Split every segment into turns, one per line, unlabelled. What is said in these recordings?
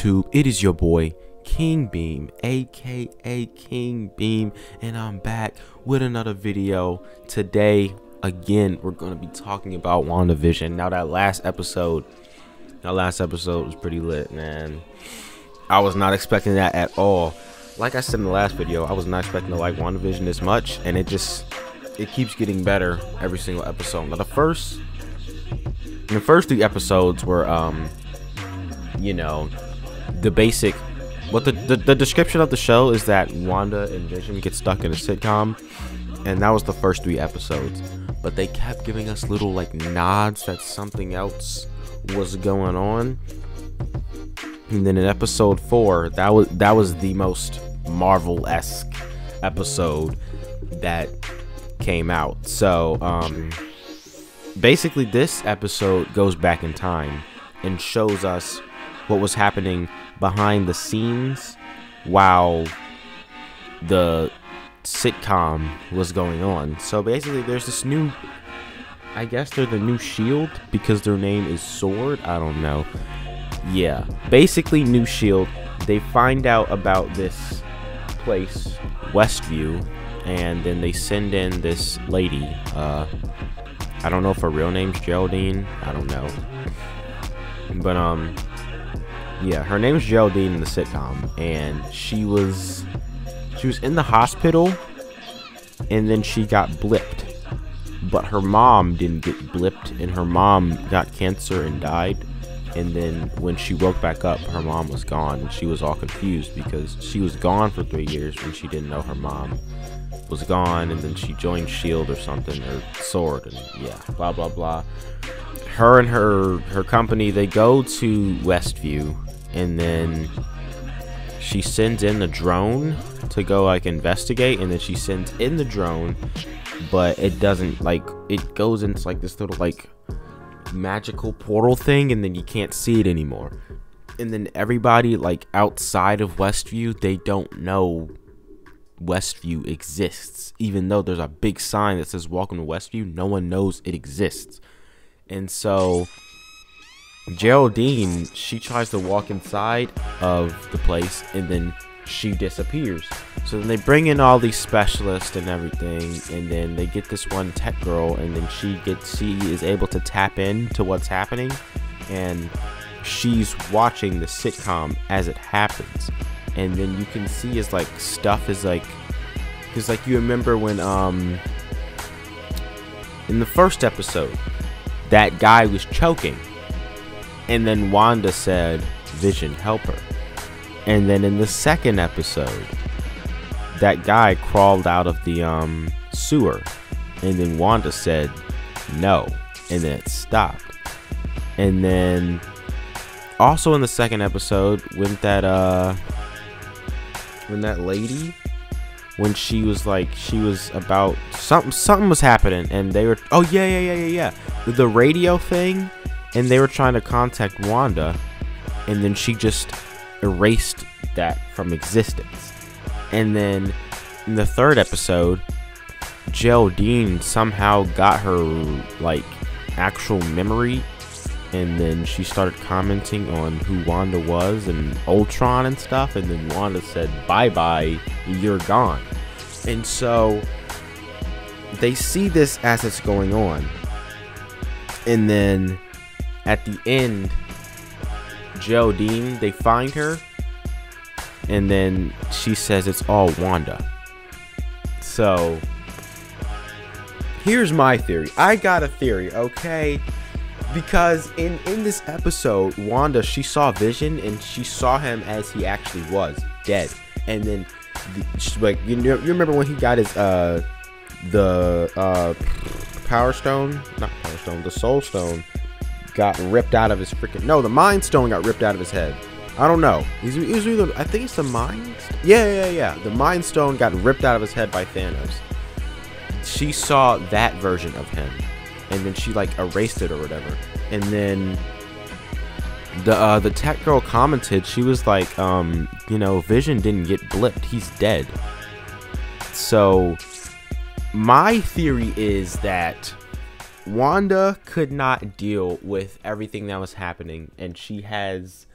YouTube. It is your boy, King Beam, aka King Beam, and I'm back with another video. Today, again, we're going to be talking about WandaVision. Now, that last episode, that last episode was pretty lit, man. I was not expecting that at all. Like I said in the last video, I was not expecting to like WandaVision this much, and it just, it keeps getting better every single episode. Now, the first, the first three episodes were, um, you know, the basic what the, the, the description of the show is that Wanda and Vision get stuck in a sitcom, and that was the first three episodes. But they kept giving us little like nods that something else was going on. And then in episode four, that was that was the most Marvel esque episode that came out. So um, basically, this episode goes back in time and shows us what was happening behind the scenes while the sitcom was going on. So basically, there's this new. I guess they're the new Shield because their name is Sword. I don't know. Yeah, basically, new Shield. They find out about this place, Westview, and then they send in this lady. Uh, I don't know if her real name's Geraldine. I don't know. But um, yeah, her name's Geraldine in the sitcom, and she was she was in the hospital, and then she got blipped. But her mom didn't get blipped, and her mom got cancer and died. And then when she woke back up, her mom was gone, and she was all confused because she was gone for three years and she didn't know her mom was gone. And then she joined Shield or something or Sword, and yeah, blah blah blah her and her her company they go to Westview and then she sends in the drone to go like investigate and then she sends in the drone but it doesn't like it goes into like this little like magical portal thing and then you can't see it anymore and then everybody like outside of westview they don't know westview exists even though there's a big sign that says welcome to westview no one knows it exists and so Geraldine, she tries to walk inside of the place and then she disappears. So then they bring in all these specialists and everything, and then they get this one tech girl, and then she gets she is able to tap in to what's happening, and she's watching the sitcom as it happens, and then you can see is like stuff is like, because like you remember when um in the first episode that guy was choking and then Wanda said, Vision Helper. And then in the second episode, that guy crawled out of the um, sewer. And then Wanda said, No. And then it stopped. And then also in the second episode, when that uh when that lady when she was like she was about something something was happening and they were oh yeah yeah yeah yeah yeah the radio thing and they were trying to contact Wanda, and then she just erased that from existence. And then in the third episode, Geraldine somehow got her like actual memory, and then she started commenting on who Wanda was and Ultron and stuff, and then Wanda said, "Bye bye, you're gone." And so they see this as it's going on, and then at the end, Geraldine, they find her, and then she says it's all Wanda. So, here's my theory. I got a theory, okay? Because in in this episode, Wanda she saw Vision and she saw him as he actually was, dead. And then, the, like you, know, you remember when he got his uh the uh Power Stone, not Power Stone, the Soul Stone got ripped out of his freaking. No, the Mind Stone got ripped out of his head. I don't know. He's, he's either, I think it's the Mind. Yeah, yeah, yeah. The Mind Stone got ripped out of his head by Thanos. She saw that version of him, and then she like erased it or whatever. And then the uh, the tech girl commented. She was like, um, you know, Vision didn't get blipped. He's dead. So my theory is that Wanda could not deal with everything that was happening, and she has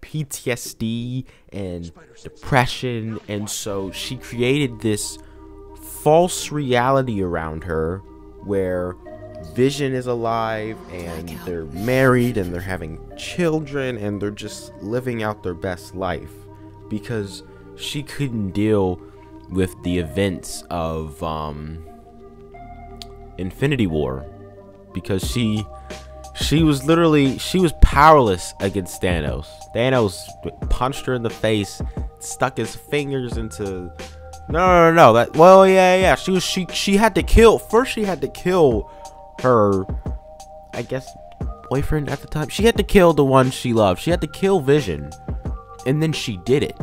PTSD and depression, and so she created this false reality around her where Vision is alive and they're married and they're having children and they're just living out their best life because she couldn't deal with the events of um, Infinity War because she she was literally she was powerless against Thanos. Thanos punched her in the face, stuck his fingers into no no no, no. that well yeah yeah she was she she had to kill first she had to kill her I guess boyfriend at the time she had to kill the one she loved she had to kill Vision and then she did it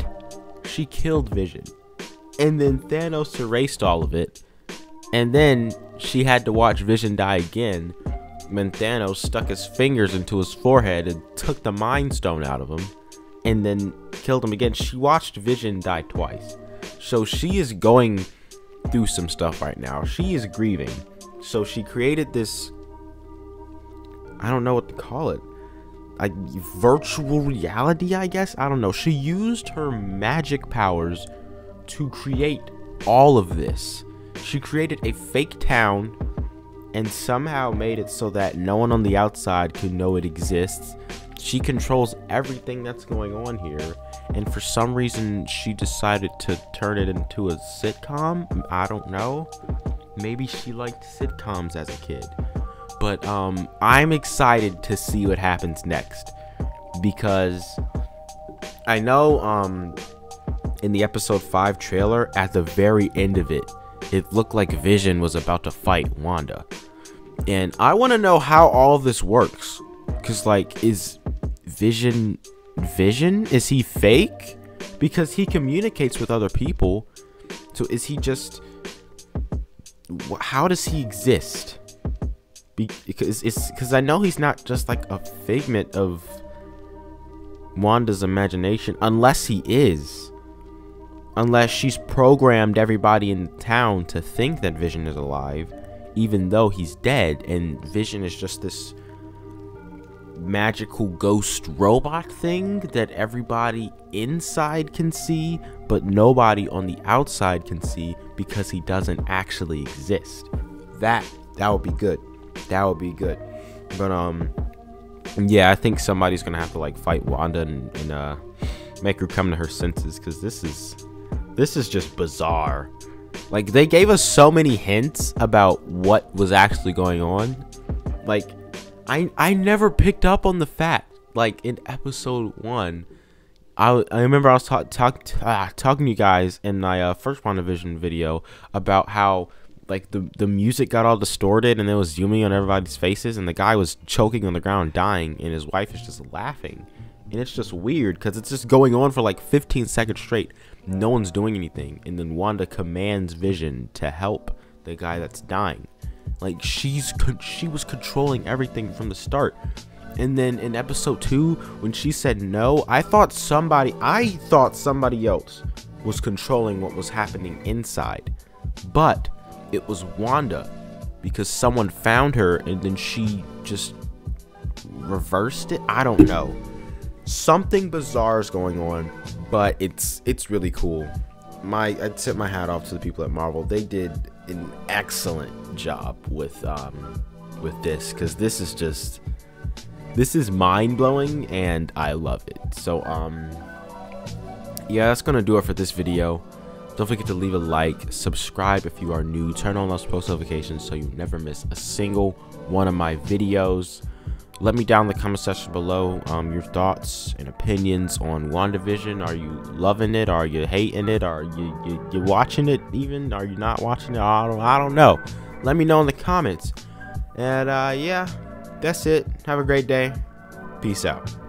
she killed Vision and then Thanos erased all of it and then she had to watch Vision die again when Thanos stuck his fingers into his forehead and took the Mind Stone out of him and then killed him again. She watched Vision die twice. So she is going through some stuff right now. She is grieving. So she created this I don't know what to call it. a virtual reality, I guess? I don't know. She used her magic powers to create all of this she created a fake town and somehow made it so that no one on the outside could know it exists. She controls everything that's going on here, and for some reason, she decided to turn it into a sitcom. I don't know. Maybe she liked sitcoms as a kid. But um, I'm excited to see what happens next because I know um, in the episode 5 trailer, at the very end of it, it looked like Vision was about to fight Wanda. And I want to know how all this works. Because, like, is Vision. Vision? Is he fake? Because he communicates with other people. So is he just. How does he exist? Because it's because I know he's not just like a figment of Wanda's imagination, unless he is Unless she's programmed everybody in town to think that Vision is alive, even though he's dead, and Vision is just this magical ghost robot thing that everybody inside can see, but nobody on the outside can see because he doesn't actually exist. That that would be good. That would be good. But um, yeah, I think somebody's gonna have to like fight Wanda and, and uh, make her come to her senses because this is this is just bizarre. Like they gave us so many hints about what was actually going on. Like I I never picked up on the fact like in episode 1 I, I remember I was talk, talk, ah, talking to you guys in my uh, first WandaVision video about how like the the music got all distorted and it was zooming on everybody's faces and the guy was choking on the ground dying and his wife is just laughing and it's just weird because it's just going on for like 15 seconds straight no one's doing anything and then wanda commands vision to help the guy that's dying like she's she was controlling everything from the start and then in episode 2 when she said no i thought somebody i thought somebody else was controlling what was happening inside but it was wanda because someone found her and then she just reversed it i don't know something bizarre is going on, but it's it's really cool. My I tip my hat off to the people at Marvel. They did an excellent job with um, with this because this is just this is mind blowing and I love it. So um, yeah, that's gonna do it for this video. Don't forget to leave a like, subscribe if you are new, turn on those post notifications so you never miss a single one of my videos. Let me down in the comment section below um, your thoughts and opinions on WandaVision. Are you loving it? Are you hating it? Are you, you, you watching it even? Are you not watching it? I don't, I don't know. Let me know in the comments. And uh, yeah, that's it. Have a great day. Peace out.